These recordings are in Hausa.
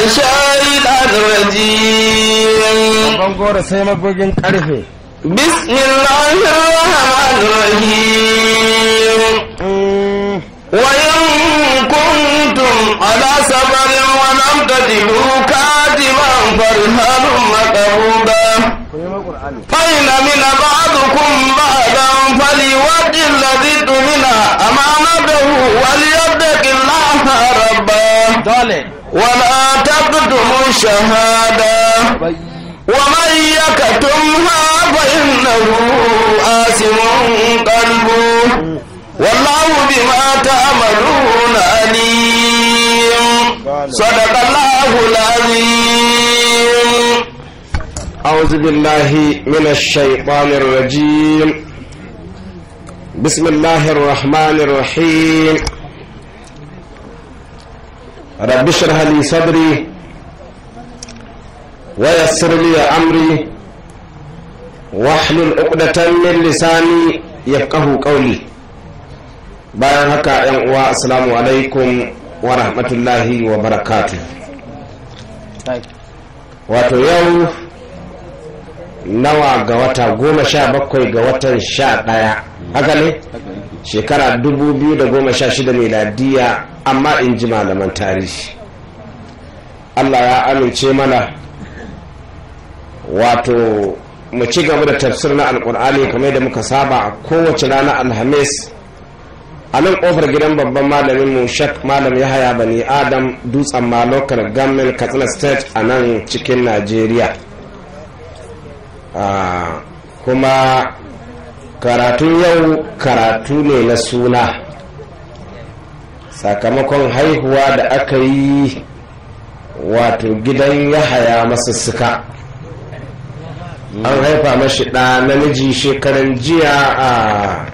ran shari ɗazin rajin bango da sai magogin ƙarfe bismillahir rahmanir rahim wayan kuntum ala sabarin wa lam tajidu kadiman farhanun maqruba fayna min ba'dukum ba'dan faliwajil ladhi tumina amanatahu wal yadqi allaha rabbah ولا تقدموا شهادة ومن يكتمها فإنه آسم قلبه والله بما تعملون عليم صدق الله العظيم أعوذ بالله من الشيطان الرجيم بسم الله الرحمن الرحيم رب اشرح لي صدري ويسر لي امري واحلل عقدة من لساني يفقه قولي bayan haka yan uwa assalamu alaikum wa rahmatullahi wa barakatu wato yau nawa ga wata goma sha bakwai ga watan sha ɗaya haka ne shekara 2016 miladiya amma in ji malaman tarihi allah ya amince mana wato mu ci gaba da tafsir na alkur'ani kamar da muka saba a kowace rana alhamis a nan kofar gidan babban malamin mu shak malam yahaya bani adam dutsen malokar gamin katsina state a nan cikin najeriya ah, kuma karatun yau karatu ne na suna sakamakon haihuwa da aka yi wato gidan yahaya suka an haifa mashi ɗa namiji shekaran jiya a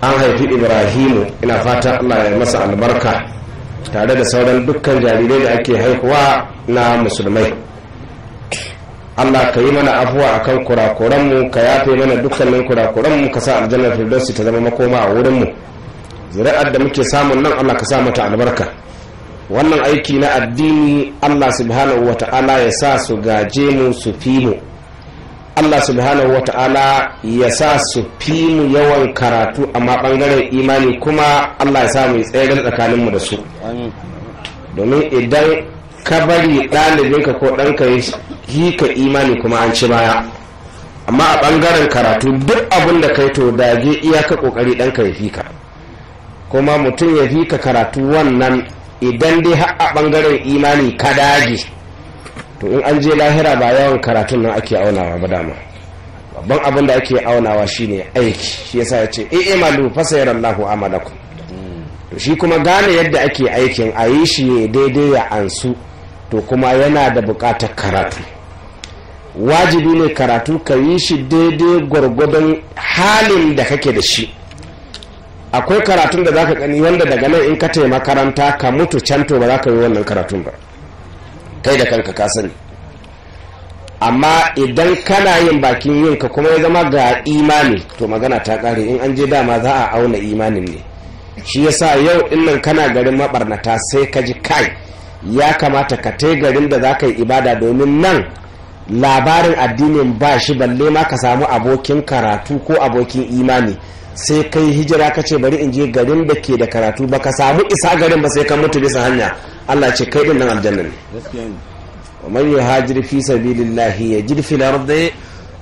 an haifi ibrahimu ina fata allah ya masa albarka tare da sauran dukkan jarirai da ake haihuwa na musulmai Allah ka yi mana afuwa kan kurakuranmu ka yafe mana dukkanin kurakuranmu ka sa aljannar firdausi ta zama makoma a wurinmu zuri'ar da muke samun nan Allah ka sa mata albarka wannan aiki na addini Allah subhanahu wata'ala ya sa su gaje mu su fi mu Allah subhanahu wata'ala ya sa su fi mu yawan karatu amma bangaren imani kuma Allah ya sa mu tsere tsakaninmu da su domin idan ka bari ɗalibin ka ko ɗanka yi ka imani kuma an ci baya amma a ɓangaren karatu duk abin da kai to dage iya iyaka ƙoƙari ɗan ya fi ka kuma mutum ya fi ka karatu wannan idan dai har a ɓangaren imani ka dage to in an je lahira ba yawan karatun nan ake aunawa ba dama babban abin da ake aunawa shine aiki shi yasa ya ce i'malu eh, eh, fasayarallahu amalakum to shi kuma gane yadda ake aikin a yi shi daidai ya ansu to kuma yana da buƙatar karatu wajibi ne karatu ka yi shi daidai gwargwadon halin da kake da shi akwai karatun da zaka gani wanda daga nan in ka taimaka makaranta ka mutu canto ba za ka yi wannan karatun ba kai da kanka ka sani amma idan kana yin bakin yin ka kuma ya zama ga imani to magana ta kare in an je dama za a auna imanin ne shi yasa yau nan kana garin mabarnata sai ka ji kai ya kamata ka tai garin da za ka yi ibada domin nan labarin addinin ba shi balle ma ka samu abokin karatu ko abokin imani sai kai hijira ka ce bari in je garin da ke da karatu ba ka samu isa garin ba sai ka mutu bisa hanya allah ce kai din nan aljanna ne fi sabilillahi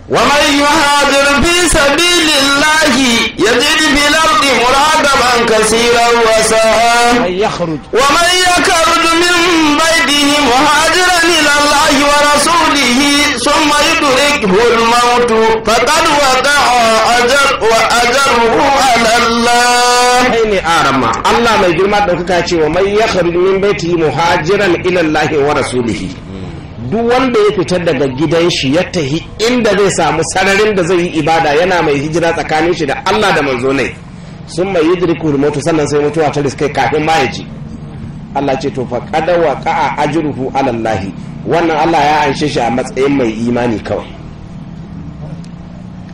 ومن يهاجر في سبيل الله يجد في الأرض مرادبا كثيرا وسعا ومن يخرج من بيته مهاجرا إلى الله ورسوله ثم يدركه الموت فقد وقع أجر وأجره على الله ne arama Allah mai girma ɗaukaka ce wa mai ya min baiti muhajiran ilallahi wa duk wanda ya fita daga gidan shi ya tahi inda zai samu sararin da zai yi ibada yana mai hijira tsakanin shi da Allah da manzo ne sun mai yudriku mutu sannan sai mutuwa ta riskai kafin ma ya Allah ce to fa wa qa'a ajruhu ala wannan Allah ya anshe shi a matsayin mai imani kawai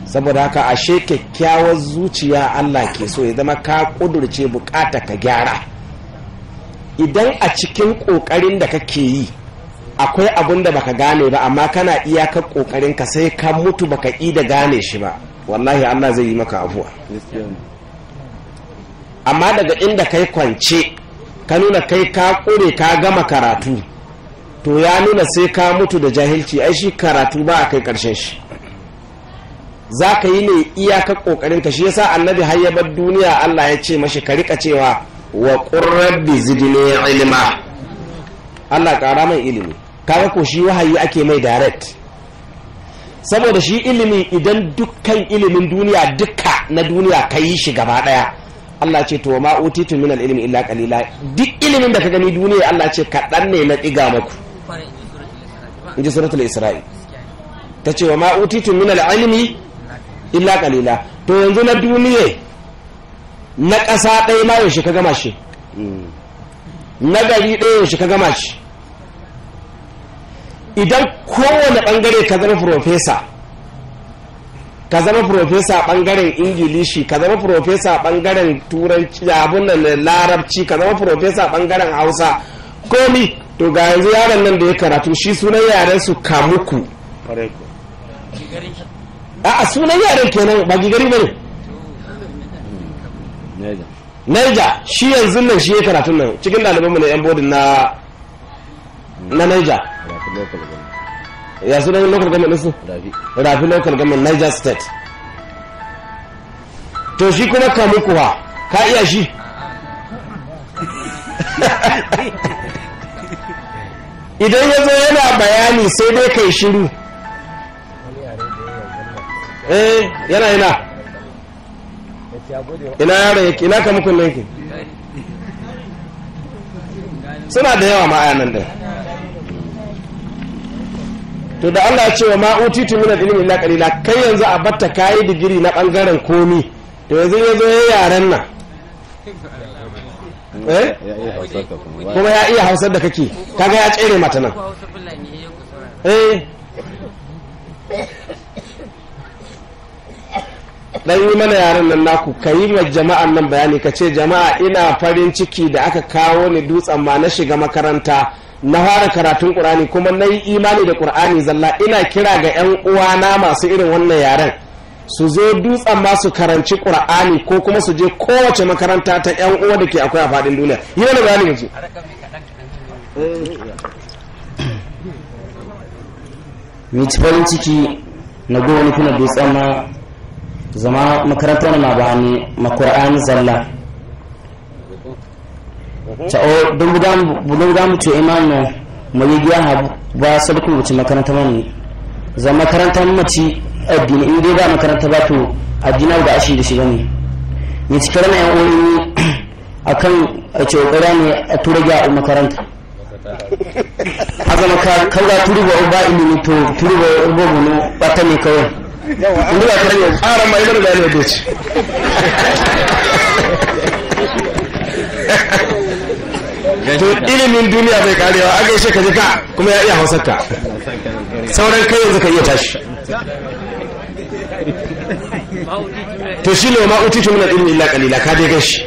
saboda haka ashe kyakkyawar zuciya Allah ke so ya zama ka kudurce bukata ka gyara idan a cikin kokarin da kake yi akwai abun da baka gane ba amma kana iyakar kokarin ka sai ka mutu baka yi da gane shi ba wallahi Allah zai yi maka abuwa amma daga inda kai kwance ka nuna kai ka kure ka gama karatu to ya nuna sai ka mutu da jahilci ai shi karatu ba a kai karshen shi za ka yi ne iyaka kokarin ka shi yasa annabi har ya bar duniya Allah ya ce mashi ka rika cewa wa qurrabbi zidni ilma Allah ƙara mai ilimi kaga ko shi wahayi ake mai direct saboda shi ilimi idan dukkan ilimin duniya dukka na duniya ka yi shi gaba daya Allah ce to ma utitu min ilmi illa qalila duk ilimin da ka gani duniya Allah ce kaɗan ne na ɗiga maku in ji suratul isra'i ta ce wa ma utitu min ilmi illa qalila to yanzu na duniya na ƙasa ɗaya ma yaushe ka gama shi hmm. na gari ɗaya yaushe ka gama shi idan kowane bangare ka zama profesa ka zama profesa bangaren ingilishi ka zama profesa bangaren turanci abun nan larabci ka zama profesa bangaren hausa komi to ga yanzu yaron nan da ya karatu shi sunan yaren su kamuku a sunan yaren kenan ba gigari bane naija shi yanzu nan shi ya karatun nan cikin mu na yan bodin na naija local government ya sunan local government ɗinsu rafi rafi local government niger state to shi kuma kamu kuwa ka iya shi idan ya zo yana bayani sai dai kai shiru eh yana ina ina yaro yake ina kamukun yake suna da yawa ma'ayanan da to da Allah ya ce wa ma'uti utitu min al-ilmi illa qalila kai yanzu a batta kai digiri na bangaren komi to yanzu ya zo ya yaran nan eh kuma ya iya hausar da kake kaga ya tsere mata nan eh dan yi mana yaran nan naku ka yi ma jama'an nan bayani ka ce jama'a ina farin ciki da aka kawo ni dutsen ma na shiga makaranta na fara karatun ƙur'ani kuma na yi imani da ƙur'ani zalla ina kira ga 'yan uwana masu irin wannan yaren su zo dutsen ma su karanci ƙur'ani ko kuma su je kowace makaranta ta 'yan uwa da ke akwai a faɗin duniya yi wani bayani yanzu ci farin ciki na gowani kuna dutsen zama makaranta na ba ni zalla ta o dungudamu to imanu biya habu ba sadukun wuce makaranta mani za makaranta mace addini in dai ba makaranta ba to addina da ashi da shi ba ne cikar na yan uwan akan a kan a ce kokara ne a tura a makaranta haka maka kan ga turu ba ba ilimi to turu ba ba bunu bata ne kawai inda ba kare ara mai da ne doci to ilimin duniya bai karewa a gaishe ka jika kuma ya iya hausarka sauran kai yanzu ka iya tashi to shi ne ma utitu min ilimin illa kalila ka je gashi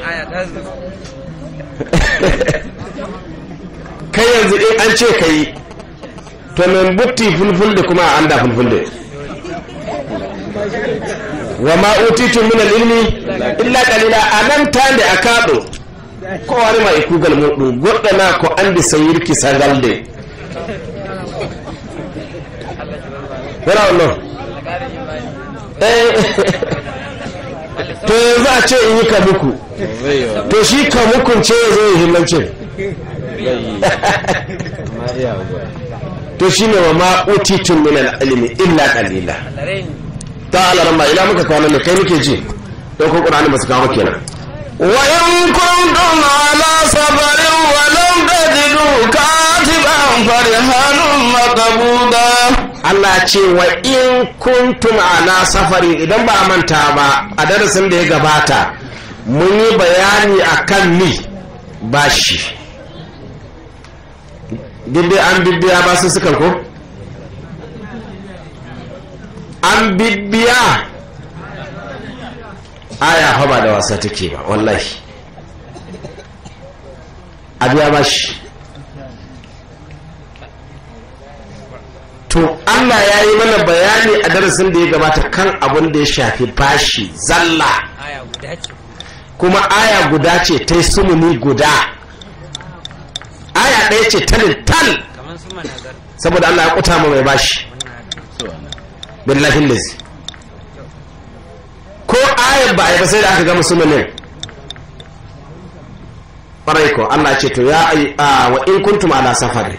kai yanzu in an ce kai to men butti fulfulde kuma a anda fulfulde wa ma utitu min ilimin illa qalila anan tande akado ko warima e kuugal muɗum goɗɗo na ko andi sayirki sagal nde wona on noon eh. to yanzu a ce in yi kamuku to shi kamukun ce ya zo ya to shi ne wa ma'utitun min al'ilmi illa kalila ta alarma ila muka kawo da kai muke ji don ɗaukar ƙura'ani ba su kawo kenan وإن على سفر ولم تجدوا كاتبا فرهان مقبوضا Allah ce wa in kuntum ala safari idan ba manta ba a darasin da ya gabata mun yi bayani a kan ni ba shi dibbe an bibbiya ba su suka ko an bibbiya aya fa da wasa take ba wallahi a biya bashi to allah ya yi mana bayani a darasin da ya gabata kan abin da ya shafi bashi zalla kuma aya guda ce ta yi sumuni guda aya ɗaya ce ta saboda allah ya kuta mai bashi billahi lazi ko ayar ba a yi ba sai da aka gama ne ƙwarai ko allah ce to ya wa in kuntum ala safari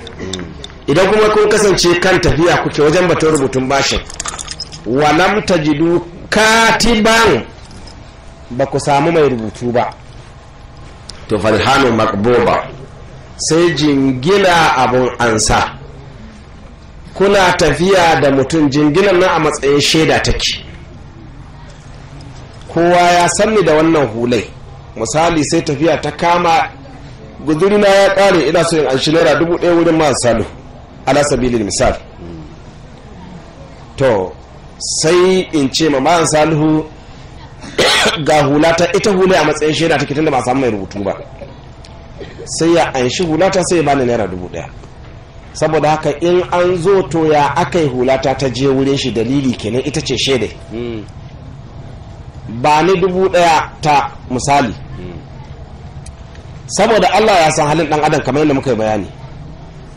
idan kuma kun kasance kan tafiya kuke wajen batun rubutun bashin walam tajidu katiban ba ku samu mai rubutu ba to farhanu makboba sai jingina abun ansa kuna tafiya da mutum jinginan nan a matsayin shaida take kowa ya sanni da wannan hulai misali sai tafiya ta kama guzurina ya kare ina so in anshi naira dubu ɗaya wurin man salo ala sabilin misal to sai in ce ma man salihu ga hulata ita hula a matsayin shaida ta kitan da ba samu mai rubutu ba sai ya anshi hulata sai ya bani naira dubu ɗaya saboda haka in an zo to ya aka yi hulata ta je wurin shi dalili kenan ita ce shaida. Hmm. ba ni dubu daya ta misali saboda allah ya san halin dan adam kamar yadda muka yi bayani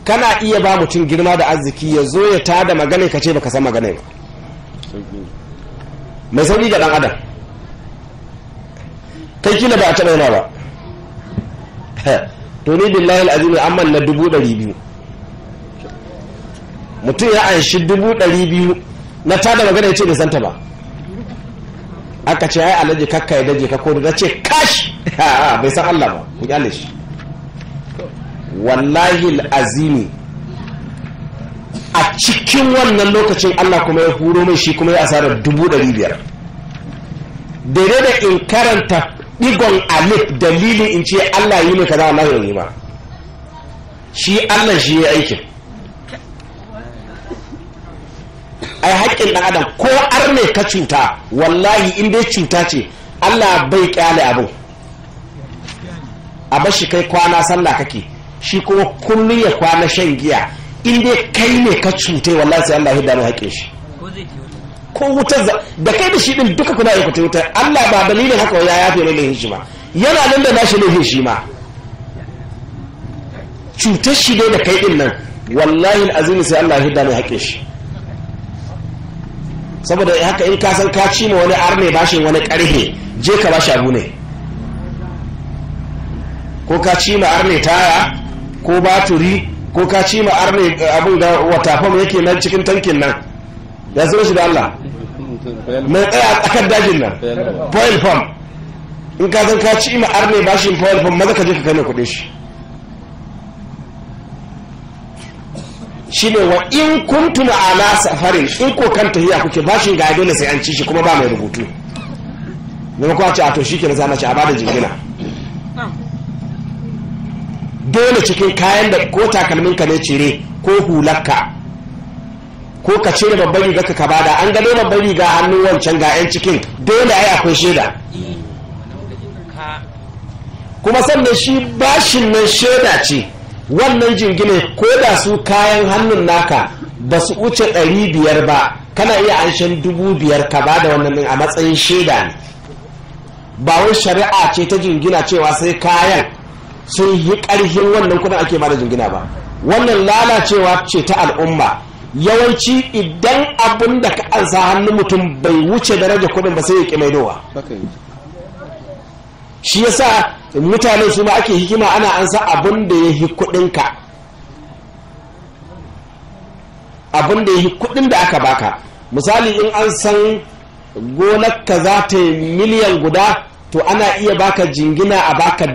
kana iya ba mutum girma da arziki ya zo ya tada magana ka ce baka san magana ba mai sauri ga dan adam kai kila ba a taɓa yana ba to ni billahi al'azim amman na dubu ɗari biyu mutum ya anshi dubu ɗari biyu na tada magana ya ce bai santa ba aka ce ai alaji kakka ya daji' ka kodi na ce bai san Allah ba ku kyale shi wallahi azimi a cikin wannan lokacin Allah kuma ya huro mai shi kuma ya asara dubu ɗari biyar daidai da in karanta digon alif dalilin in ce Allah yi ne kaza Allah yi ma shi Allah shi ya aikin ai haƙƙin ɗan adam ko arne ka cuta wallahi in dai cuta ce allah bai ƙyale abin a bashi kai kwana sallah kake shi kuma kullum ya kwana shan giya in dai kai ne ka cuta wallahi sai allah ya hidda haƙƙin shi ko wutar da kai da shi ɗin duka kuna yi kuta wutar allah ba dalilin haka ya yafe ne laifin shi ba yana nan da nashi laifin shi ma cutar shi dai da kai ɗin nan wallahi azumi sai allah ya hidda haƙƙin shi saboda haka in ka san ka ci ma wani arne bashin wani karhe je ka bashi abu ne ko ka ci ma arne taya ko baturi ko ka ci ma arne eh, abin da watafam yake nan cikin tankin nan ya zo shi da Allah mai tsaya tsakar dajin nan foil farm in ka san ka ci ma arne bashin foil farm maza ka je ka kai ne kuɗin shi shine wa in kuntum ala safarin in ko kan tahiya kuke bashin ga dole sai an ci shi kuma ba mai rubutu ne ko a ce a to shikenan za zama ci a bada jingina dole cikin kayan da ko takalmin ka ne cire ko hularka ko ka cire babban riga ka bada an gano babban riga hannun wancan ga yan cikin dole ai akwai shaida kuma sannan shi bashin nan shaida ce wannan jingine ko da su kayan hannun naka ba su wuce ɗari biyar ba kana iya anshin dubu biyar ka ba da wannan a matsayin shaida ne ba wai shari'a ce ta jingina cewa sai kayan sun yi ƙarfin wannan kuɗin ake ba jingina ba wannan lalacewa ce ta al'umma yawanci idan abin da ka ansa hannun mutum bai wuce daraja kuɗin ba sai ya ƙi maidowa shi yasa mutane su ma ake hikima ana an sa abin da ya yi kudinka abin da ya yi kudin da aka baka misali in an san gonarka za ta yi miliyan guda to ana iya baka jingina a baka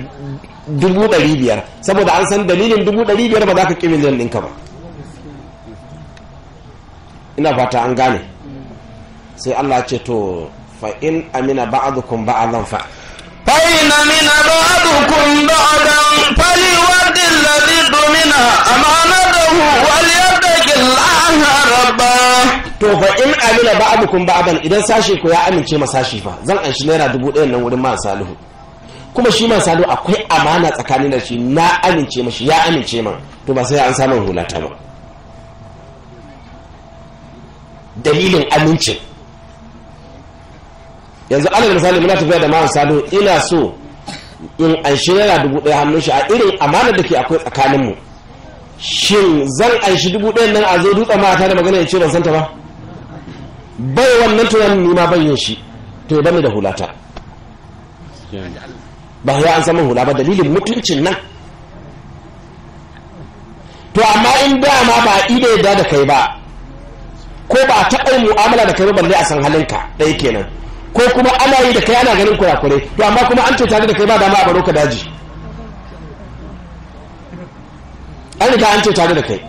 dubu ɗari biyar saboda an san dalilin dubu ɗari biyar ba za ka ƙi miliyan ɗinka ba ina fata an gane sai allah ce to fa'in amina ba'adukum ba'adan fa' فإن من بعضكم بعضا فليؤد الذي ضمن أمانته وليتق الله ربه to fa in amina ba'dukum ba'dan idan sashi ko ya amince ma sashi fa zan anshi naira dubu ɗaya nan wurin man salihu kuma shi man salihu akwai amana tsakanin da shi na amince mashi ya amince man to ba sai an samun hulata ba dalilin amincin yanzu alal misali muna tafiya da malam salo ina so in an shi naira dubu ɗaya hannun shi a irin amana da ke akwai tsakaninmu shin zan an shi dubu daya nan a zo ma mata da magana ya ce ban santa ba bai wannan tunanin ni ma ban yin shi to ya bani da hulata ba ya an saman hula ba dalilin mutuncin nan to amma in dama ba ido yadda da kai ba ko ba taɓa mu'amala da kai ba balle a san halinka ɗaya kenan ko kuma ana yi da kai ana ganin kurakurai to amma kuma an ce tare da kai ba dama a baro ka daji an riga an tare da kai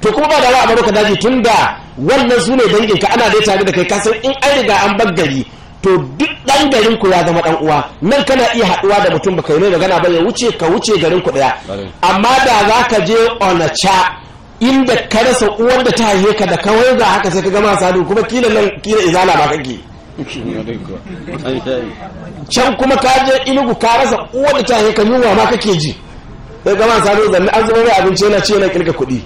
to kuma ba dama a baro ka daji tun da wannan su ne dangin ka ana dai tare da kai san in an riga an bar gari to duk dan garin ku ya zama dan uwa nan kana iya haduwa da mutum baka yi ne daga na bane wuce ka wuce garin ku daya amma da zaka je on a onacha inda ka rasa uwar da ta haife ka da kawai ga haka sai ka gama sadu kuma kila nan kila izala ba kake can kuma ka je inugu ka rasa uwar da ta haife ka yunwa ma kake ji sai gama sadu zanne an zuba mai abinci yana ce yana kirka kuɗi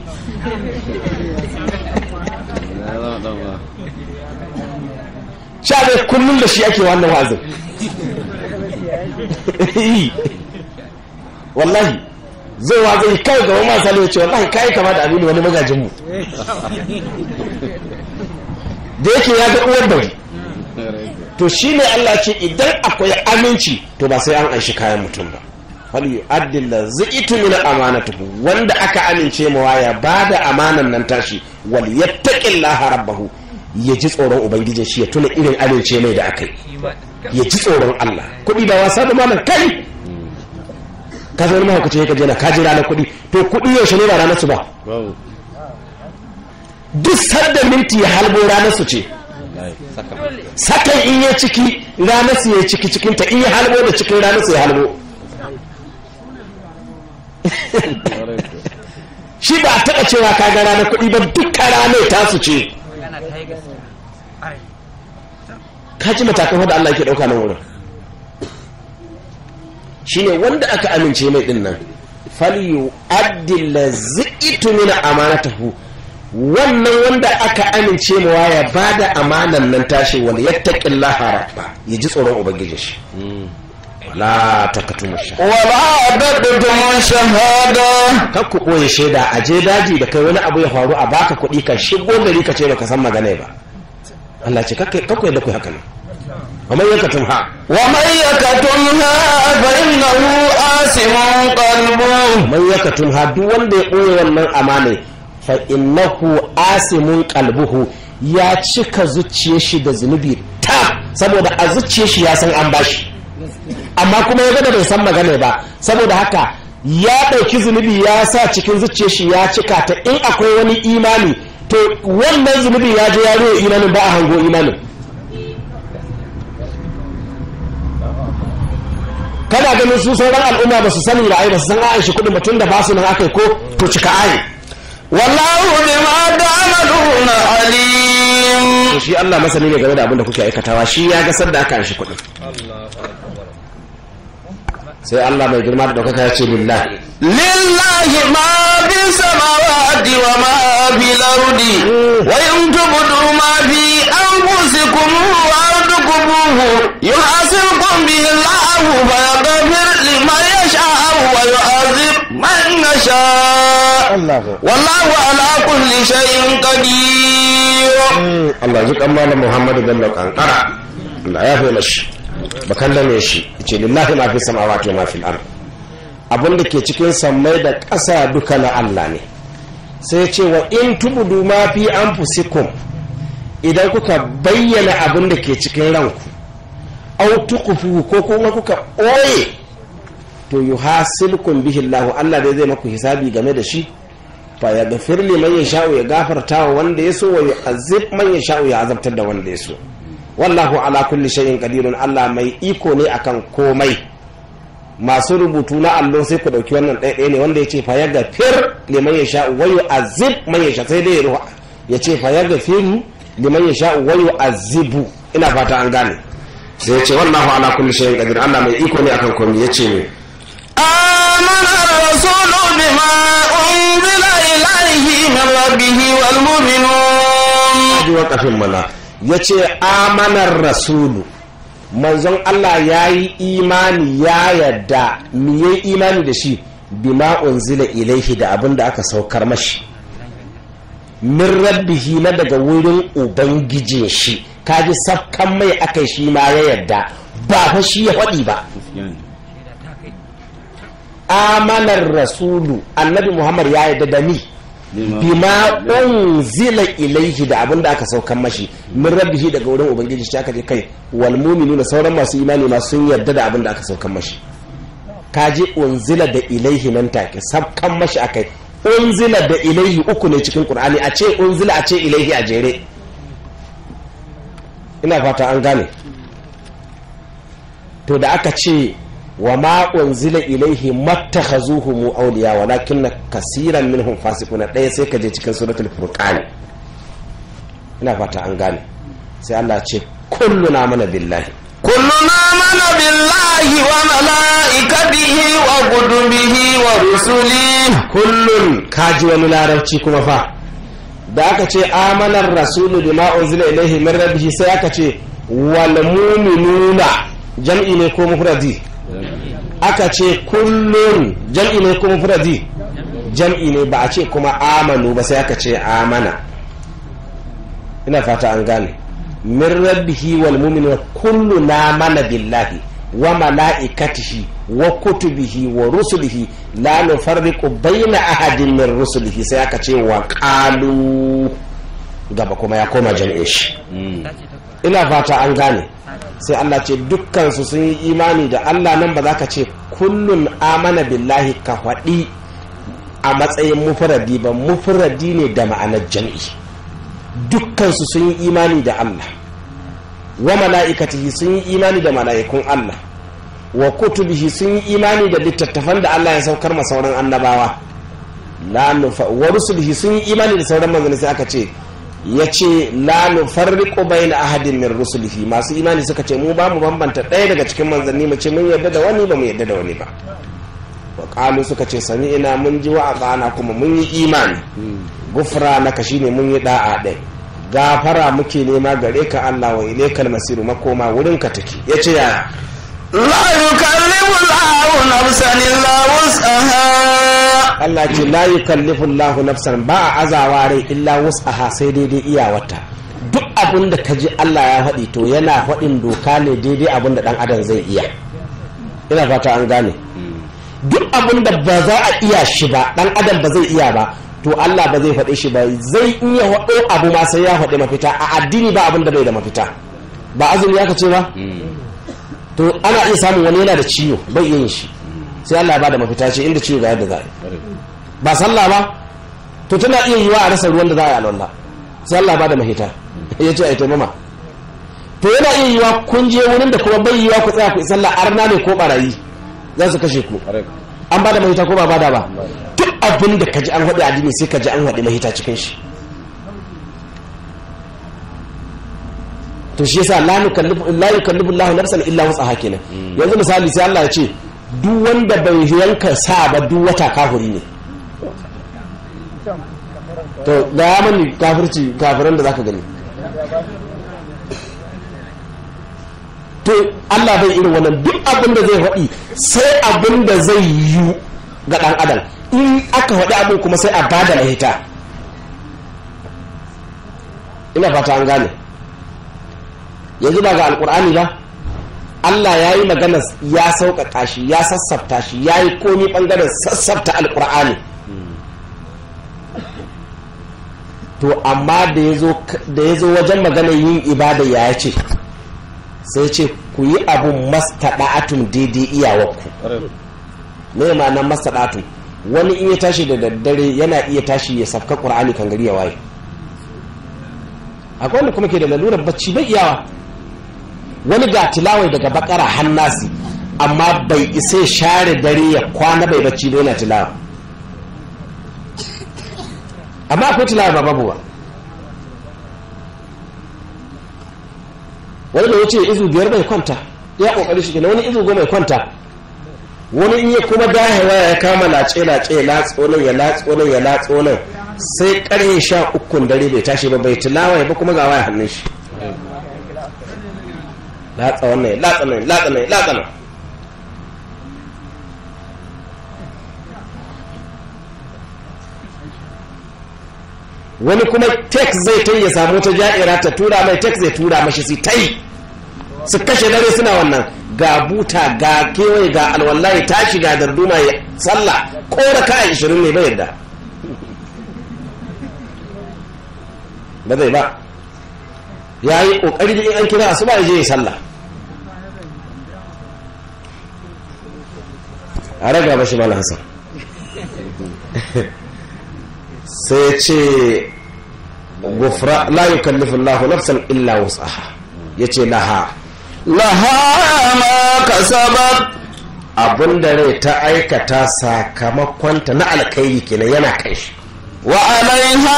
sha dai kullum da shi ake wannan wazin wallahi zai wa zai kai gaba masu sale cewa wallahi kai kama da aminu wani magajin mu da yake ya ga uwar da wani to ne Allah ce idan akwai aminci to ba sai an anshi kayan mutum ba zai yu'addi allazitu amana tuku wanda aka amince ma waya ba da amanan nan tashi wal lahara bahu. ya ji tsoron ubangijin shi ya tuna irin amince mai da aka yi ya ji tsoron Allah kuɗi da wasa da malam kai ka zama mahaukaci ka jana kaji ranar kuɗi to kuɗi yaushe ne ba ranar su ba duk sadda minti ya halbo ranar su ce sakan in yi ciki ranar su ya ciki cikin ta in yi halbo da cikin ranar su ya halbo shi ba a taɓa cewa ka ga ranar kuɗi ba duka ranar tasu ce ka ji matakan wadda Allah ke ɗauka nan wurin shine wanda aka amince mai din nan falyu addila zikitu mina amanatahu wannan wanda aka amince mawa ya da amanan nan tashi wanda ya taƙin lahara ya ji tsoron ubangijin shi la takatumu shahada wala taqtumu shahada ka ku ɓoye shaida a je daji da kai wani abu ya faru a baka kuɗi ka shigo gari ka ce ka san magana ba Allah ce kakwai da ku haka ne ومن يكتمها ومن يكتمها فإنه آسم قلبه من يكتمها دون بيقوي ومن أماني فإنه آسم قلبه ya cika zuciyar da zunubi ta saboda a zuciyar shi ya san an bashi amma kuma ya gada bai san magana ba saboda haka ya ɗauki zunubi ya sa cikin zuciyar ya cika ta in akwai wani imani to wannan zunubin ya je ya imanin ba a hango imanin kana ganin su sauran al'umma ba su sani da ba su san aishi kudin ba da ba su nan akai ko to cika ai wallahu da ta'maluna alim shi Allah masani ne game da abin da kuke aikatawa shi ya ga sanda aka aishi kudin sai Allah mai girma da daukaka ya ce lillahi lillahi ma fi samawati wa ma fi lardi wa in tubdu ma anfusikum wa fa yaghfir liman yasha wa yu'adhib man yasha wallahu ala kulli shay'in qadir mm, Allah malam bello kankara Allah ya fi mashi ba kallame shi ce lillahi ma fi samawati ma fil ard abin da ke cikin sammai da ƙasa duka na Allah ne sai ce wa in tubudu ma fi anfusikum idan kuka bayyana abin da ke cikin ranku au tukufu ko kuma kuka ɓoye to yuhasilkum bihi Allah Allah dai zai maku hisabi game da shi fa ya gafir liman sha'u ya gafarta wa wanda ya so wa azib man ya azabtar da wanda ya so wallahu ala kulli shay'in qadirun Allah mai iko ne akan komai masu rubutu na allo sai ku dauki wannan ɗaya ne wanda yace fa yaga fir liman yasha wa yu'azib man yasha sai dai ruwa yace fa yaga fir liman yasha wa yu'azzibu ina fata an gane sai yace wallahu ala kulli shay'in qadir Allah mai iko ne akan komai yace ne amana rasulu bima unzila ilayhi min rabbihi wal mu'minun mana ya ce amanar rasulu manzon Allah ya yi imani ya yadda mu yi imani da shi bima unzila ilaihi da abin da aka saukar mashi min rabbihi na daga wurin ubangijin shi kaji safkan mai aka shi ma ya yadda ba fa shi ya faɗi ba amanar rasulu annabi muhammad ya yadda da ni bima unzila ilaihi da abin da aka saukan mashi min rabbihi daga wurin ubangiji shi aka je kai wal da sauran masu imani ma sun yarda da abin da aka saukan mashi ji unzila da ilaihi nan take saukan mashi akai unzila da ilaihi uku ne cikin qur'ani a ce unzila a ce ilaihi a jere ina fata an gane to da aka ce wa ma unzila ilaihi mattakhazuhum awliya walakin kaseeran minhum fasiquna ɗaya sai ka je cikin suratul furqan ina fata an gane sai Allah ce kulluna mana billahi na mana billahi wa malaikatihi wa kutubihi wa rusuli kullun kaji wani larabci kuma fa da aka ce amanar rasulu bima unzila ilaihi min rabbihi sai aka ce wal mu'minuna jam'i ne ko mufradi aka ce kullum jam'i ne kuma furadi jam'i ne ba a ce kuma amanu ba sai aka ce amana ina fata an gane min rabbihi wal mu'minuna kullu na mana billahi wa mala'ikatihi wa kutubihi wa rusulihi la nufarriqu baina ahadin min rusulihi sai aka ce wa qalu gaba kuma ya koma jam'i shi hmm. ina fata an gane sai Allah ce dukkansu sun yi imani da Allah nan ba za ka ce kullum amana billahi ka faɗi a matsayin mufuradi ba mufuradi ne da ma'anar jam'i dukkansu sun yi imani da Allah wa mala'ikatihi sun yi imani da mala'ikun Allah wa kutubihi sun yi imani da littattafan da Allah ya saukar ma sauran annabawa la nufa wa rusulihi sun yi imani da sauran manzanni sai aka ce ya ce lalu bai na ahadin min rusulihi masu imani suka ce mu ba mu bambanta ɗaya daga cikin manzanni mu ce mun yarda da wani ba mu yarda da wani ba wa suka ce sami ina mun ji wa azana kuma mun yi imani gufra naka ne mun yi da'a ɗai gafara muke nema gare ka Allah wa ilaikal masiru makoma wurin ka take yace ya la yukallifu Allahu nafsan Allah ce la yukallifu lahu nafsan ba a azawa rai illa wus'aha sai daidai iyawarta duk abin da ka ji Allah ya faɗi to yana faɗin doka ne daidai abin da ɗan adam zai iya ina fata an gane duk abin da ba za a iya shi ba ɗan adam ba zai iya ba to Allah ba zai faɗi shi ba zai iya faɗo abu ma sai ya faɗi mafita a addini ba abin da bai da mafita ba azumi aka ce ba hmm. to ana iya samun wani yana da ciwo bai iya yin shi sai Allah ba da mafita ce inda ciwo ga yadda za ba sallah ba to tana iya yiwa a rasa ruwan da za a yi alwala sai Allah ba da mafita ya ce a yi mama to yana iya yiwa kun je wurin da kuma bai yiwa ku tsaya ku sallah arna ne ko barayi za su kashe ku an ba da mafita ko ba ba da ba duk abin da ka ji an haɗe addini sai ka ji an haɗe mahita cikin shi to shi yasa la yukallifu la yukallifu Allahu nafsan illa wusaha kenan hmm. yanzu misali sai Allah ya ce duk wanda bai yanka sa ba duk wata kafuri ne to da ya mani kafirci kafiran da zaka gani to Allah bai irin wannan duk abin da zai faɗi sai abin da zai yi ga ɗan adam in aka faɗi abin kuma sai a bada lahita ina fata an gane yanzu ba ga alkur'ani ba Allah ya yi magana ya sauƙaƙa shi ya sassafta shi ya yi komi ɓangaren sassafta alkur'ani to amma da ya zo wajen magana yin ibada ya ce sai ce ku yi abun atun daidai iyawarku ne ma'anar atun wani iya tashi da daddare yana iya tashi ya safka ƙur'ani kan gari ya waye akwai wanda kuma ke da lalurar bacci bai iyawa wani ga tilawai daga bakara hannasi amma bai isa share dare ya kwana bai bacci da yana tilawa amma akwai tilawa ba babuwa wani da wuce izu biyar bai kwanta ya kokari shi wani izu goma ya kwanta wani in ya kuma dahewa ya kama lace lace ya latso nan ya latso nan ya latso nan sai karin sha ukun dare bai tashi ba bai tilawa ya ba kuma ga waya hannun shi latsa wannan ya latsa nan latsa nan latsa nan wani kuma tek zai ta ya samu ta ja'ira ta tura mai tek zai tura mashi su ta yi su kashe dare suna wannan ga buta ga kewaye ga alwallahi ta shiga darduma ya sallah ko da ka ishirin ne bai yarda ba zai ba ya yi ƙoƙari in an kira ba ya je ya sallah a raga mashi malam hasan sai ya ce gufra la yukallifu Allahu nafsan illa wasu aha ya yace laha laha ma kasabat abin da rai ta aikata sakamakonta na alkhairi kenan yana kai shi wa alaiha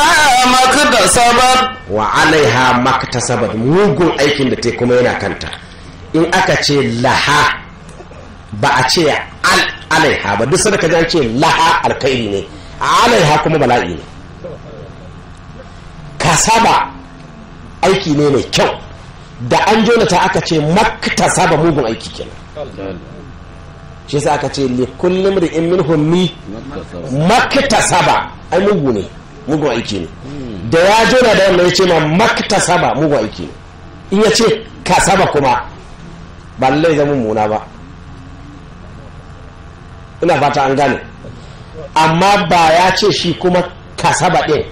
maktasabat wa alaiha sabab mugun aikin da ta kuma yana kanta in aka ce laha ba a ce alaiha ba duk sadaka zai ce laha alkhairi ne alaiha kuma bala'i ne ka saba aiki ne mai kyau da an jonata aka ce makta saba mugun aiki kenan shi sa aka ce ne kullum da in min hunni makta saba ai mugu ne mugun aiki ne da ya jona da wanda ya ce ma makta saba mugun aiki ne in ya ce ka saba kuma ba lallai zama muna ba ina fata an gane amma ba ya ce shi kuma kasaba ɗin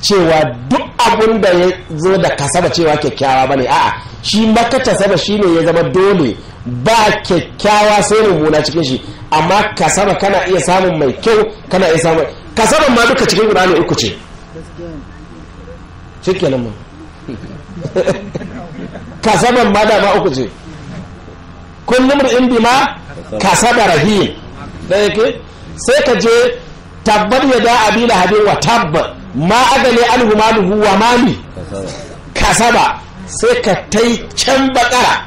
cewa duk abun da ya zo da kasaba cewa kyakkyawa ba ne a'a shi maka kasaba shi ne ya zama dole ba kyakkyawa sai mummuna cikin shi amma kasaba kana iya samun mai kyau kana iya samun kasaban ma duka cikin guda ne uku ce shikenan mu kasaban ma dama uku ce kullum da in ma. kasaba rahim da yake sai ka je tabbar ya da abi lahabin wa tabba ma agale alhu wa mali kasaba sai ka yi can bakara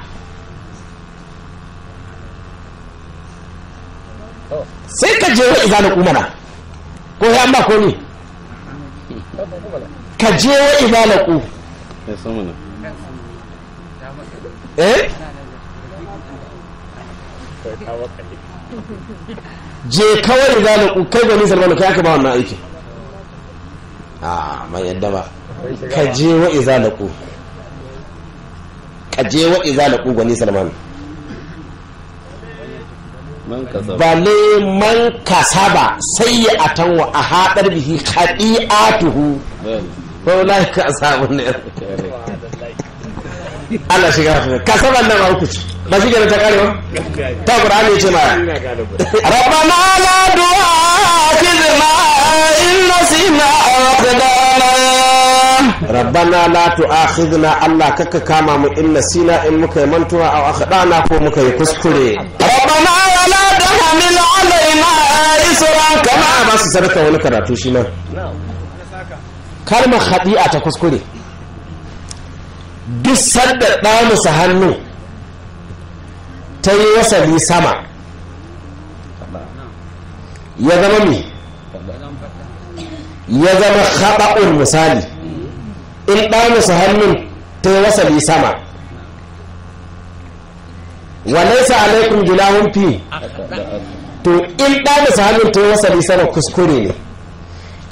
sai ka je wa izanin umana ko ya an ba ko ne ka je wa izanin ku eh je kawai da zalaku kai gani salmanu kai aka ba wannan aiki a mai yadda ba ka je wa izalaku ka je wa izalaku gani salmanu ne man kasaba sai ya tanwa a haɗar bihi tuhu. ko wula ka samu ne Allah shiga kasaba nan hukuci ba shi ta kare ba ta qur'ani ce ma rabbana la du'a kizna inna sina aqdana rabbana la tu'akhidna allah kaka kama mu inna sina in muka mantuwa aw akhdana ko muka yi kuskure rabbana la tahmil alaina isran kama ba su sadaka wani karatu shi nan kalmar khadi'a ta kuskure duk sadda ɗamusa hannu ta yi wasali sama ya zama mai ya zama haɓaɓun misali in ɗanusa hannun ta yi wasali sama walaisa alaikun junahun fi to in ɗanusa hannun ta yi wasali sama kuskure ne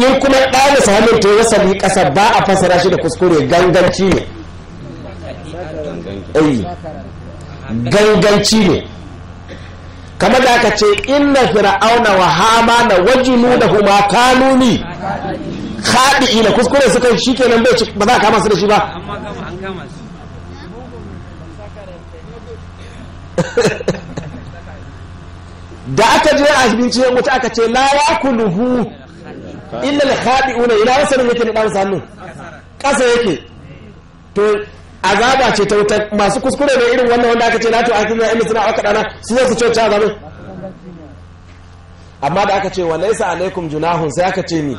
in kuma ɗanusa hannun ta yi wasali ƙasa ba a fasara shi da kuskure ganganci ne ganganci ne kamar da aka ce inna fir'auna wa na wajinu da huma kanuni haɗi ina kuskure suka shi kenan bai ba za a kama su da shi ba da aka je asibinci ya mutu aka ce la ya kuluhu illa al ina wasu ne yake ne ɗansa hannu ƙasa yake to azaba ce ta wutar masu kuskure ne irin wannan wanda aka ce na to a cikin ilmi suna aka dana su zai su coci azamin amma da aka ce wa laisa alaikum junahun sai aka ce ni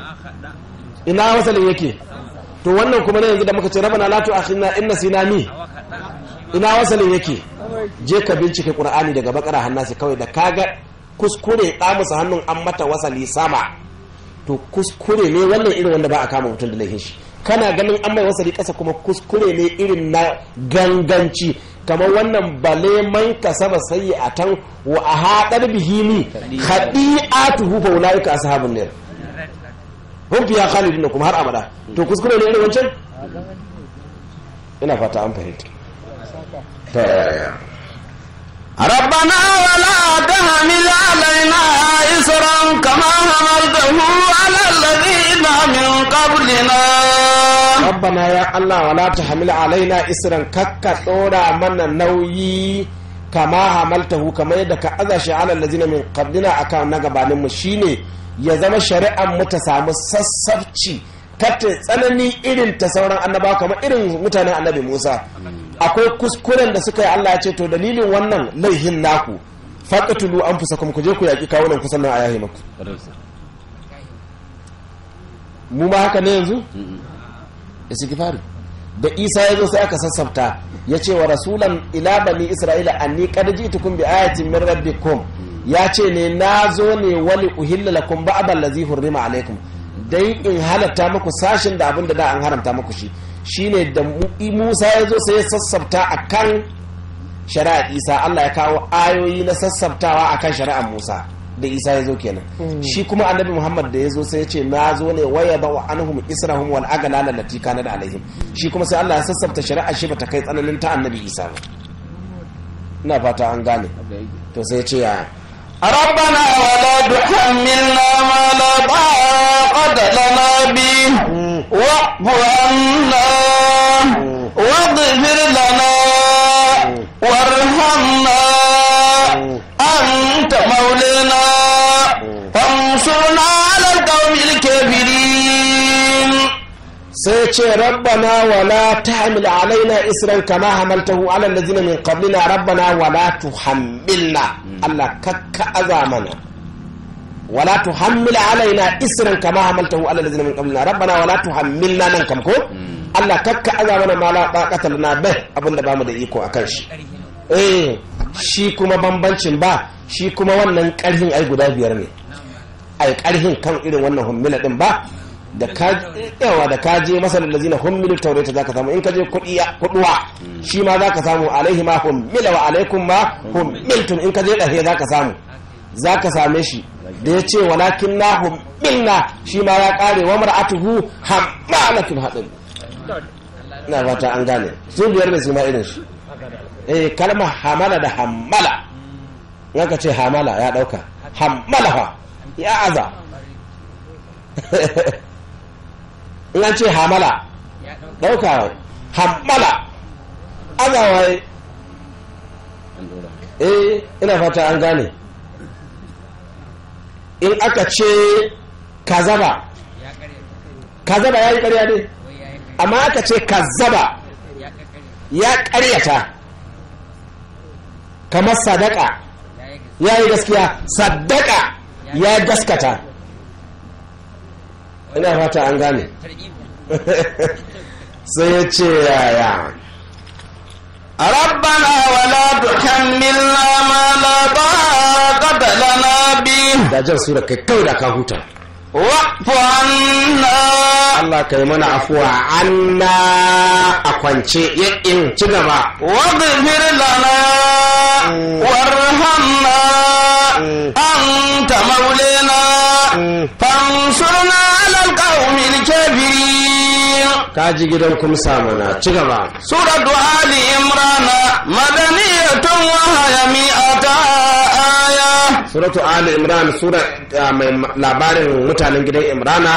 ina wasalin yake to wannan kuma ne yanzu da muka ce rabana la tu akhina inna sina mi ina wasalin yake je ka bincike qur'ani daga bakara sai kawai da kaga kuskure da musu hannun an mata wasali sama to kuskure ne wannan irin wanda ba a kama mutum da laifin shi kana ganin an mai wasali kasa kuma kuskure ne irin na ganganci kamar wannan bale man kasaba sai a tan wa a haɗar bihini ka asa haɓin ne nar ya fiha khalidun kuma har abada to kuskure ne irin wancan ina fata an fahimta ta ربنا ولا تحمل علينا إسرا كما حملته على الذين من قبلنا ربنا يا الله ولا تحمل علينا إسرا كك دورا من نوي كما حملته كما يدك أذى على الذين من قبلنا أكان نغبانين مشيني ya zama shari'ar mu ta samu sassafci kata tsanani irin ta sauran annaba kamar irin mutanen annabi musa akwai kuskuren da suka yi allah ya ce to dalilin wannan laifin naku an fusa ku kuje ku yaki kawunan ku sannan a yahi maku mu ma haka ne yanzu ya istighfari da isa ya zo sai aka sassafta ya ce wa rasulan ila bani isra'ila anni ji ji'tukum bi ayatin min rabbikum ya ce ne na zo ne wali uhilla lakum ba'd allazi hurrima alaikum dai in halatta muku sashin da abin da da an haramta muku shi shine da Musa ya zo sai ya sassafta akan shari'a isa allah ya kawo ayoyi na sassabtawa akan shari'ar musa da isa ya zo kenan hmm. shi kuma annabi muhammad da ya zo sai ya ce na zo ne waya ba wa anhum israhum wal agala lallati kana da alaihim shi kuma sai allah ya sassabta shari'a shi bata kai tsananin ta annabi isa ba ina fata an gane to sai ya ce ya ربنا ولا تحملنا ما لا طاقة لنا به واعف عنا واغفر لنا وارحمنا أنت مولانا فانصرنا على القوم الكافرين سيتي ربنا ولا تحمل علينا إسرا كما حملته على الذين من قبلنا ربنا ولا تحملنا الله كك أزامنا ولا تحمل علينا إسرا كما حملته على الذين من قبلنا ربنا ولا تحملنا من كم Allah takka aza mana mala katal na bai abinda ba mu da iko a kanshi shi eh shi kuma bambancin ba shi kuma wannan karhin ai guda biyar ne ai karhin kan irin wannan hummila ɗin ba da ka yawa da ka je masalan lazina hummilu taurata zaka samu in ka je kuduwa shi ma zaka samu alaihi ma hummila wa alaikum ma hummiltum in ka je za zaka samu zaka same shi da ya ce walakin na hummilna shi ma ya kare wa mar'atuhu hammalatul hadin ina fata an gane su biyar da su ma irin shi eh kalma hamala da hamala in ka ce hamala ya dauka hamala fa ya aza in an ce hamala dauka hamala hammala azawa eh ina fata an gane in aka ce kazaba kazaba ya yi karya dai amma aka ce kazzaba ya karyata kamar sadaka ya yi gaskiya sadaka ya gaskata ina fata an gane sai ya ce yaya wa ربنا ولا na ba a طاقة لنا biyu. da jan sura kai kawai da ka huta wa'fu anna Allah kai mana afuwa anna a kwance yakin ci gaba waghfir lana mm. na? Mm. anta na mm. fansurna ala kebiri. Ka ji gidan kuma samuna ci gaba suratu ali imrana madaniyatun wa ta. suratu ali imran sura ah, mai labarin mutanen gidan imrana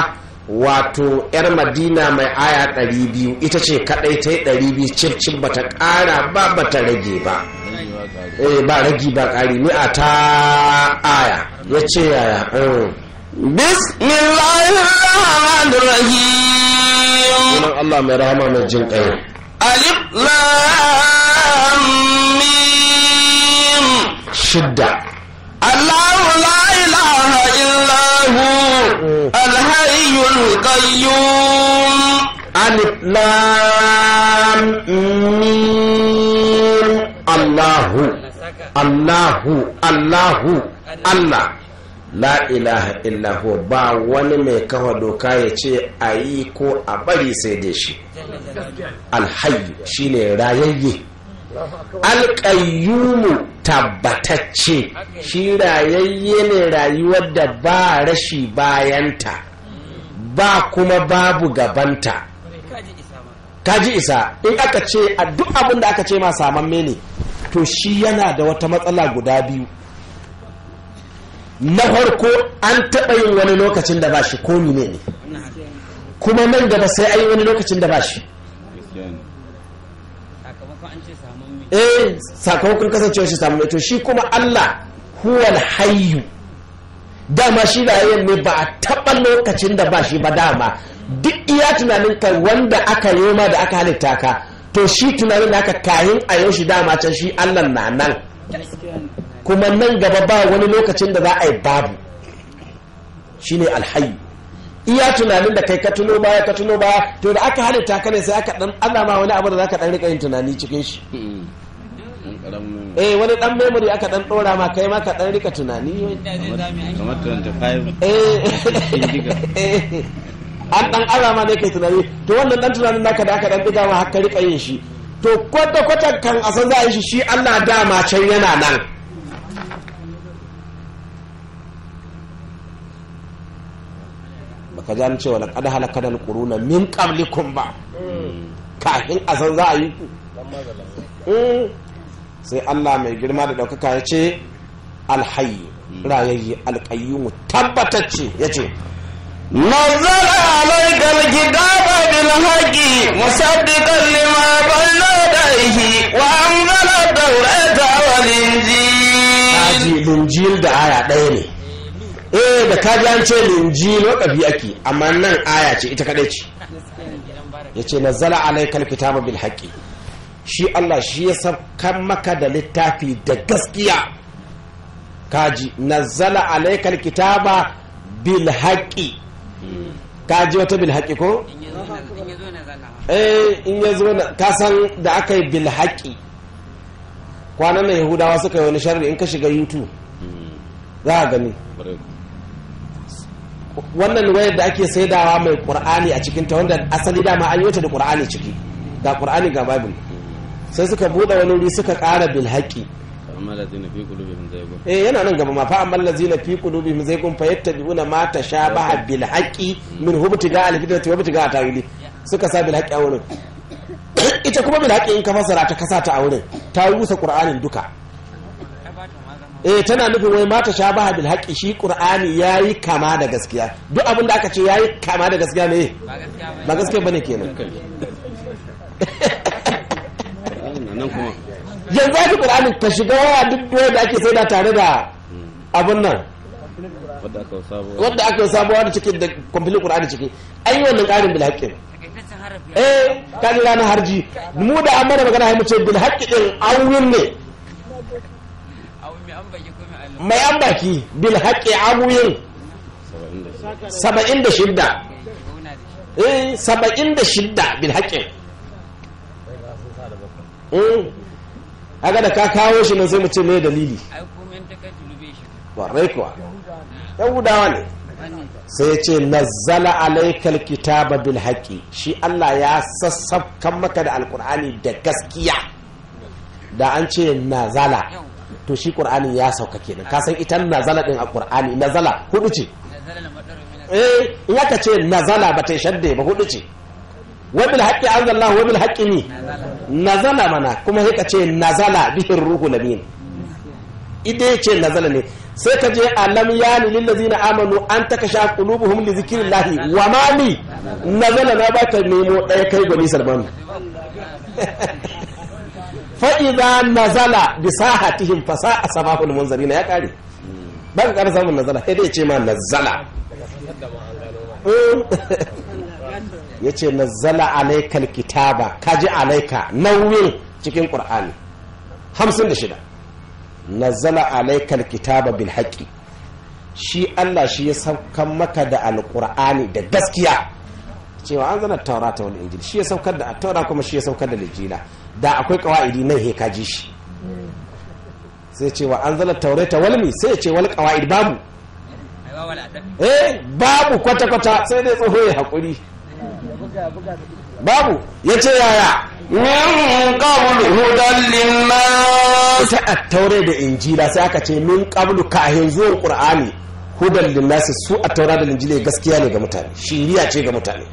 wato yar madina mai aya 200 ita ce kadai ta yi 200 cif ba ta kara ba ba ta rage ba eh, ba rage ba kari a ta aya ya ce yaya mm. bismillahirrahmanirrahim Allah mai rahama mai jin kai alif lam mim shidda Allahu la ilaha illa hu alhayyul qayyum alif lam mim Allahu Allahu Allahu la ilaha illa ba wani mai kawo doka ya ce a ko a bari sai da shi alhayyu shine rayayye alƙayyumu tabbatacce shi rayayye ne rayuwar da ba rashi bayanta ba kuma babu gabanta kaji isa in aka ce a duk abin da aka ce ma saman ne to shi yana da wata matsala guda biyu na farko an taɓa yin wani lokacin da ba shi ko ne ne kuma nan gaba sai an yi wani lokacin da ba shi eh sakamakon kasancewa shi samu to shi kuma Allah huwal hayyu dama shi da yayin ne ba a taɓa lokacin da ba shi ba dama duk iya tunanin kai wanda aka yoma da aka halitta ka to shi tunanin da aka kayan a yau shi dama can shi Allah na nan kuma nan gaba ba wani lokacin da za a yi babu shi ne alhayu iya tunanin da kai ka tuno baya ka tuno baya to da aka halitta ka ne sai aka dan Allah ma wani abu da zaka dan rika yin tunani cikin shi hmm. eh wani dan memory aka dan dora ma kai ma ka dan rika tunani kamar 25 eh. eh an dan ma ne kai tunani to wannan dan tunanin naka da aka dan diga ma haka rika yin shi to kwata kwata kan a san za a yi shi shi Allah dama can yana nan baka ji an cewa la qad halaka dal quruna min qablikum ba hmm. kafin a san za a yi ku sai Allah mai girma da ɗaukaka ya ce alhayi hmm. rayayye alƙayyumu tabbatacce ya ce نزل عليك الكتاب بالحق مصدقا لما بين يديه وأنزل التوراة والإنجيل الإنجيل da aya ɗaya ne E, da ka ji an ce linjil wakafi ake amma nan aya ce ita kaɗai ce yace nazzala alaikal kitaba bil haqqi shi Allah shi ya sabkan maka da littafi da gaskiya kaji nazzala alaikal kitaba bil haƙi kaji wata bil haƙi ko? eh in ya zo ka kasan da aka yi bil haƙi kwanan nan yahudawa suka yi wani sharri in ka shiga youtube za a gani wannan wayar da ake saidawa mai ƙur'ani a cikin ta wanda asali dama an yi wata da ƙur'ani ciki ga ƙur'ani ga bible sai suka buɗe wani wuri suka ƙara bil haƙi eh yana nan gaba ma fa amma allazina fi qulubihim zaygun fayattabi'una ma tashabaha bil haqqi min hubtiga al fitnati wa ga tawili suka sa bil haqqi a wurin ita kuma bil haqqi in ka fasara ta kasa ta a wurin ta rusa qur'anin duka eh tana nufin wai ma tashabaha bil haqqi shi qur'ani yayi kama da gaskiya duk abin da aka ce yayi kama da gaskiya ne ba gaskiya bane kenan nan kuma yanzu ake qur'ani ta shiga waya duk wanda ake saida tare da abun nan wadda aka sabuwa da cikin da kwamfili kur'ani ciki an yi wannan ƙarin bil haqqin eh kan ranar harji mu da an mana magana ya muce bil haqqi din ne mai an baki bil haqqi awun 76 eh 76 bil haqqi Eh, ga da ka kawo shi nan sai mu ce mai dalili warai kuwa yahudawa ne sai ya ce nazzala alaikal kitaba bil haƙi shi Allah ya sassafkan maka da alkur'ani da gaskiya da an ce nazala to shi ƙur'ani ya sauka kenan ka san ita nazala din a ƙur'ani nazala hudu ce eh in aka ce nazala ba ta shadda ba hudu ce wa bil haqqi anzalallahu wa bil haqqi ni nazala mana kuma sai ka ce nazala bihin ruhu biyu ita ya ce nazala ne sai ka je alam yani lil na amanu an takasha qulubuhum li lahi wa ma li nazala na ba ta nemo ɗaya kai gwani salman fa idza nazala bi sahatihim fa sa'a sabahul na ya kare ban ka samun nazala sai dai ce ma nazala ya ce nazzala alaikal kitaba kaji alaika nauyin cikin ƙur'ani hamsin da shida nazzala alaikal kitaba bil haƙi shi allah shi ya saukan maka da alƙur'ani da gaskiya cewa an zana taura ta wani injil shi ya saukar da taura kuma shi ya saukar da lijila da akwai kawa'idi nan he kaji shi sai cewa an zana ta walmi sai ya ce wal kawa'id babu eh babu kwata-kwata sai dai tsoho ya haƙuri babu ya ce yaya min qablu hudan linnas a taure da injila sai aka ce min qablu hin zuwan qur'ani hudan linnas su a taura da injila gaskiya ne ga mutane shiriya ce ga mutane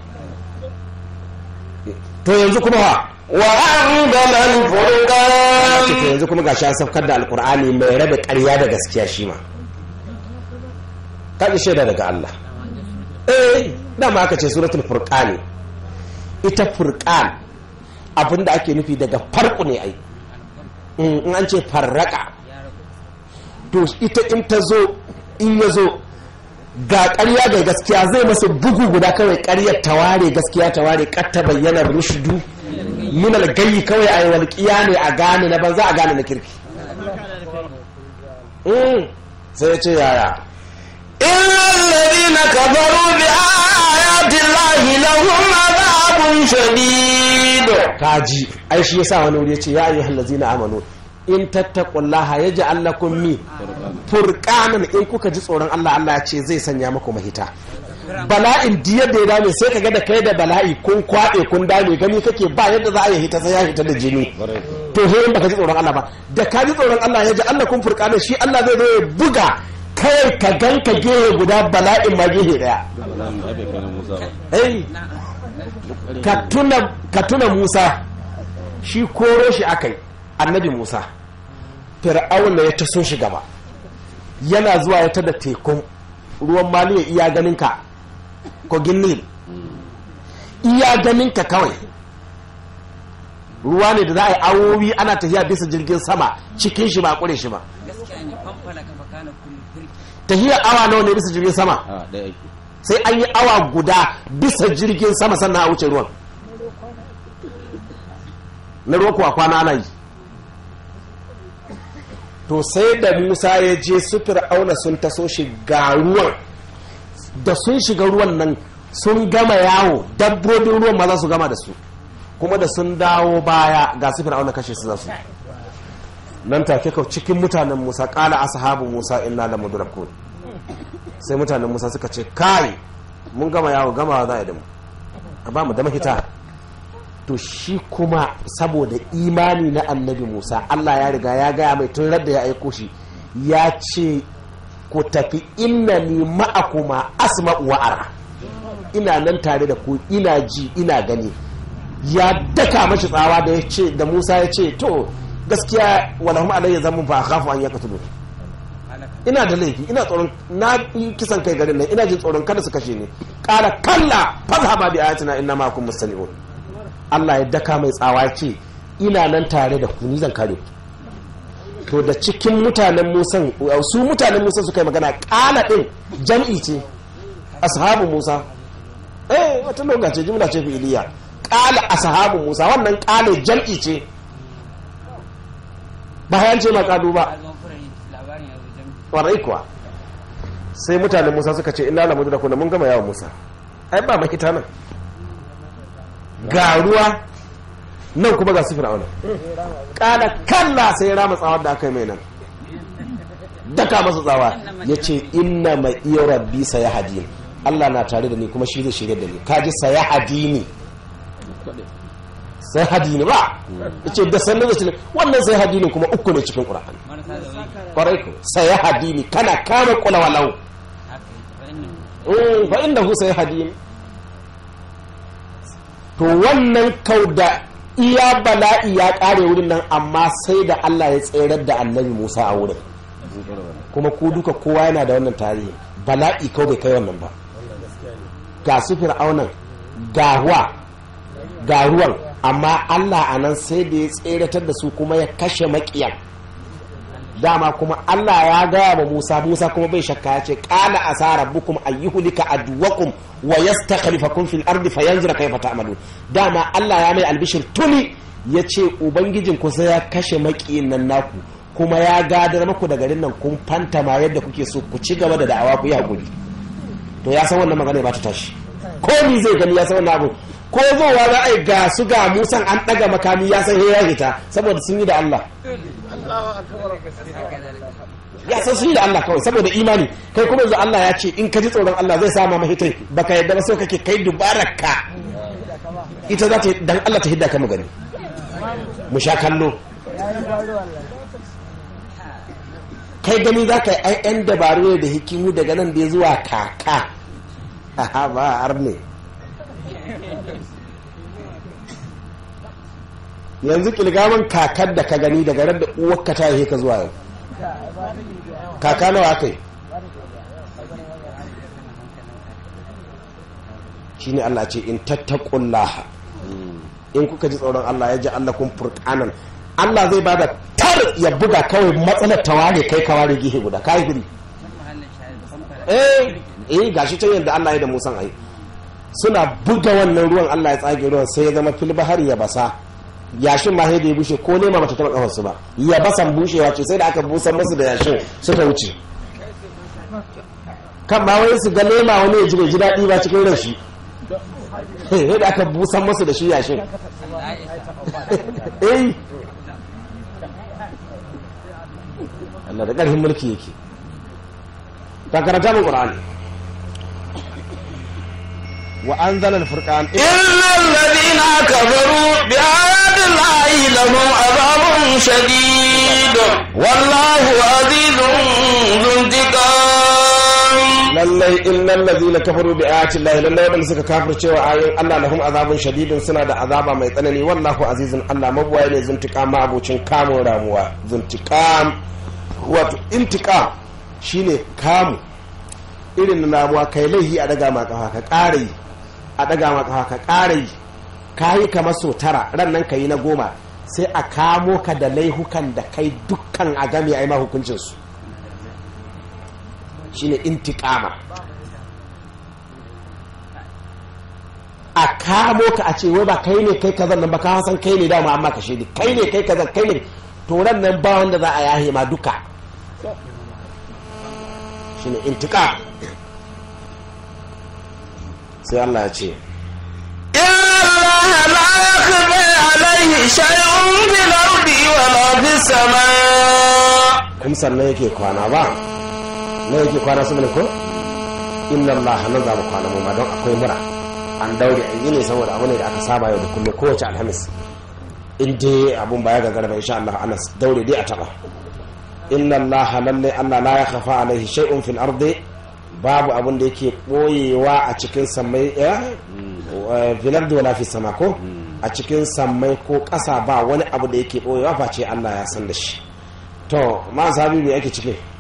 to yanzu kuma ha wa anzala al-furqan to yanzu kuma gashi an safkar da alqur'ani mai rabe ƙarya da gaskiya shi ma ka ji shaida daga Allah eh dama aka ce suratul furqani ita furqan abinda ake nufi daga farko ne ai mm, in an ce farraka to ita in ta zo in ya zo ga ƙarya ga gaskiya zai masa bugu guda kawai ƙaryar ta ware gaskiya ta ware ƙatta bayyana rushdu minal gayi kawai a yi ne a gane na banza a gane na kirki mm, sai ce yaya in lalari na kabaru bi a ayatin lahi lahun azabun shadid kaji ai shi yasa wani wuri yace ya ayyuhal zina amanu in tattaqullaha yaj'al lakum mi furqanan in kuka ji tsoron Allah Allah ya ce zai sanya muku mahita bala'in diyar da ya dame sai ka ga da kai da bala'i kun kwaɗe kun dame gani kake ba yadda za a yi hita sai ya hita da jini to sai in baka ji tsoron Allah ba da ka ji tsoron Allah ya ji Allah kun furkana shi Allah zai zo ya buga kai ka gan ka gehe guda bala'in ma gehe daya ka tuna musa shi koro shi yi annabi musa Fir'aun fir'auna ya taso shi gaba yana zuwa ya da tekun ruwan ya iya ganinka kogin nil iya ganinka kawai ruwa ne da za a yi awowi ana tafiya bisa jirgin sama cikin shi ba kure shi ba tafiya awa nawa ne bisa jirgin sama ah, sai an yi awa guda bisa jirgin sama sannan a wuce ruwan na ruwa kuwa kwana ana yi to sai da musa ya je sufir auna sun taso shiga ruwan da sun shiga ruwan nan sun gama yawo dabbobin ruwan ma za su gama da su kuma da sun dawo baya ga sufir auna kashe su za su nan take cikin mutanen musa kala ashabu musa inna lamudrakun sai mutanen musa suka ce kare mun gama yawo gama za a damu a ba mu da mahita to shi kuma saboda imani na annabi musa allah ya riga ya gaya mai tun radda ya aiko shi ya ce ku tafi inna ni ma'akuma asma wa'ara ina nan tare da ku ina ji ina gani ya daka mashi tsawa da musa ya ce to gaskiya walahum alayya zamu fa khafu an yakatulu ina da laifi ina tsoron na kisan kai garin nan ina jin tsoron kada su kashe ni kala kalla fazhaba bi ayatina inna ma'akum mustami'un Allah ya daka mai tsawa ce ina nan tare da ku ni zan kare ku to da cikin mutanen Musa su mutanen Musa suka yi magana kala din jam'i ce ashabu Musa eh wata lokaci jimla ce fi'iliya kala ashabu Musa wannan kala jam'i ce ba ce ma kadu ba kwarai kuwa sai mutanen musa suka ce ina lamudu da kuna mun gama yawon musa ai ba makita nan ga ruwa nan kuma ga su auna. kala kalla sai rama tsawar da aka yi mai nan daka masa tsawa ya ce ina mai iya rabbi saya hadini allah na tare da ni kuma shi zai shirya da ni kaji saya hadini sai hadini ba ya ce da sannan zai wannan sai hadini kuma uku ne cikin ƙura'ani kwarai ko sai hadini kana kama kula walau ba eh, inda ku sai hadini to wannan kauda iya bala'i ya kare wurin nan amma sai da Allah ya tserar da annabi Musa a wurin kuma ku duka kowa yana da wannan tarihi bala'i kau bai kai wannan ba ga su fir'aunan ga ruwan amma Allah a nan sai da ya tseratar da su kuma ya kashe maƙiyan dama kuma Allah ya gaya wa Musa Musa kuma bai shakka ya ce qala asa rabbukum ayyuhlika adwakum wa yastakhlifakum fil ardi fayanzura kayfa ta'malun dama Allah ya mai albishir tuni ya ce ubangijin ku sai ya kashe makiyin nan naku kuma ya gadar maku daga garin nan kun fanta ma yadda kuke so ku ci gaba da da'awa ku yi hakuri to ya san wannan magana ba ta tashi ko ni zai gani ya san wannan abu ko zowa za a yi ga su ga musan an ɗaga makami ya san ya hita saboda sun yi da Allah ya san sun yi da Allah kawai saboda imani kai kuma yanzu Allah ya ce in ka ji tsoron Allah zai sama mahitai baka yadda ba sai kake kai dubaraka ita za ta dan Allah ta hidda ka mu gani mu sha kallo kai gani za ka yi ayyan dabaru da hikimu daga nan da zuwa kaka ha ba arne yanzu kilgaman kakar da ka gani daga rar da uwarka ta haife ka zuwa yau kaka nawa aka yi ne Allah ce in tattaqullaha in kuka ji tsoron Allah ya ji Allah kun furqanan Allah zai bada tar ya buga kawai matsalar taware kai ka ware gihe guda kai guri eh eh gashi can yadda Allah ya da musan ayi. suna buga wannan ruwan Allah ya tsage ruwan sai ya zama filbahari ya basa yashin ma sai da ya bushe ko nema mata taba kafarsu ba ya basan bushewa ce sai da aka busan musu da yashin suka wuce kan ba wani su ga lema wani ya ji bai ji daɗi ba cikin ran shi sai da aka busan musu da shi yashin eh Allah da ƙarfin mulki yake ta karanta mu Qur'ani وأنزل الفرقان إن الذين كفروا بآيات الله لهم عذاب شديد والله عزيز ذو انتقام lallai innal ladina kafaru bi ayati llahi lallai wadanda suka cewa ayin Allah lahum azabun shadidin suna da azaba mai tsanani wallahu azizun Allah mabuwaye ne zuntiqam ma abocin kamun ramuwa zuntiqam wato shi shine kamu irin ramuwa kai laihi a daga ma kafa ka ƙara yi a ɗaga maka ka ƙara yi ka yi kamar so tara ran nan ka yi na goma sai a kamo ka da laihukan da kai dukkan a game a yi mahukuncinsu ne intikama a kamo ka a ce wai ba kai ne kai kazan nan ba ka san kai ne ma amma ka shaidi kai ne kai kazan kai ne to ran nan ba wanda za a yahe ma duka shi ne intikama sai Allah ya ce kuma sannan yake kwana ba na yake kwana su ko inna Allah nan za mu kwana mu ma don akwai mura an daure an yi ne saboda abu ne da aka saba yau da kullum kowace alhamis in dai abun baya ga garba insha Allah anas daure dai a taba inna Allah lalle Allah la ya khafa alaihi shay'un fil ardi babu abin da yake ɓoyewa a cikin sammai filar eh? eh, da wala sama ko hmm. a cikin sammai ko ƙasa ba wani abu da yake ɓoyewa face Allah ya san da shi to ma sabi me yake cikin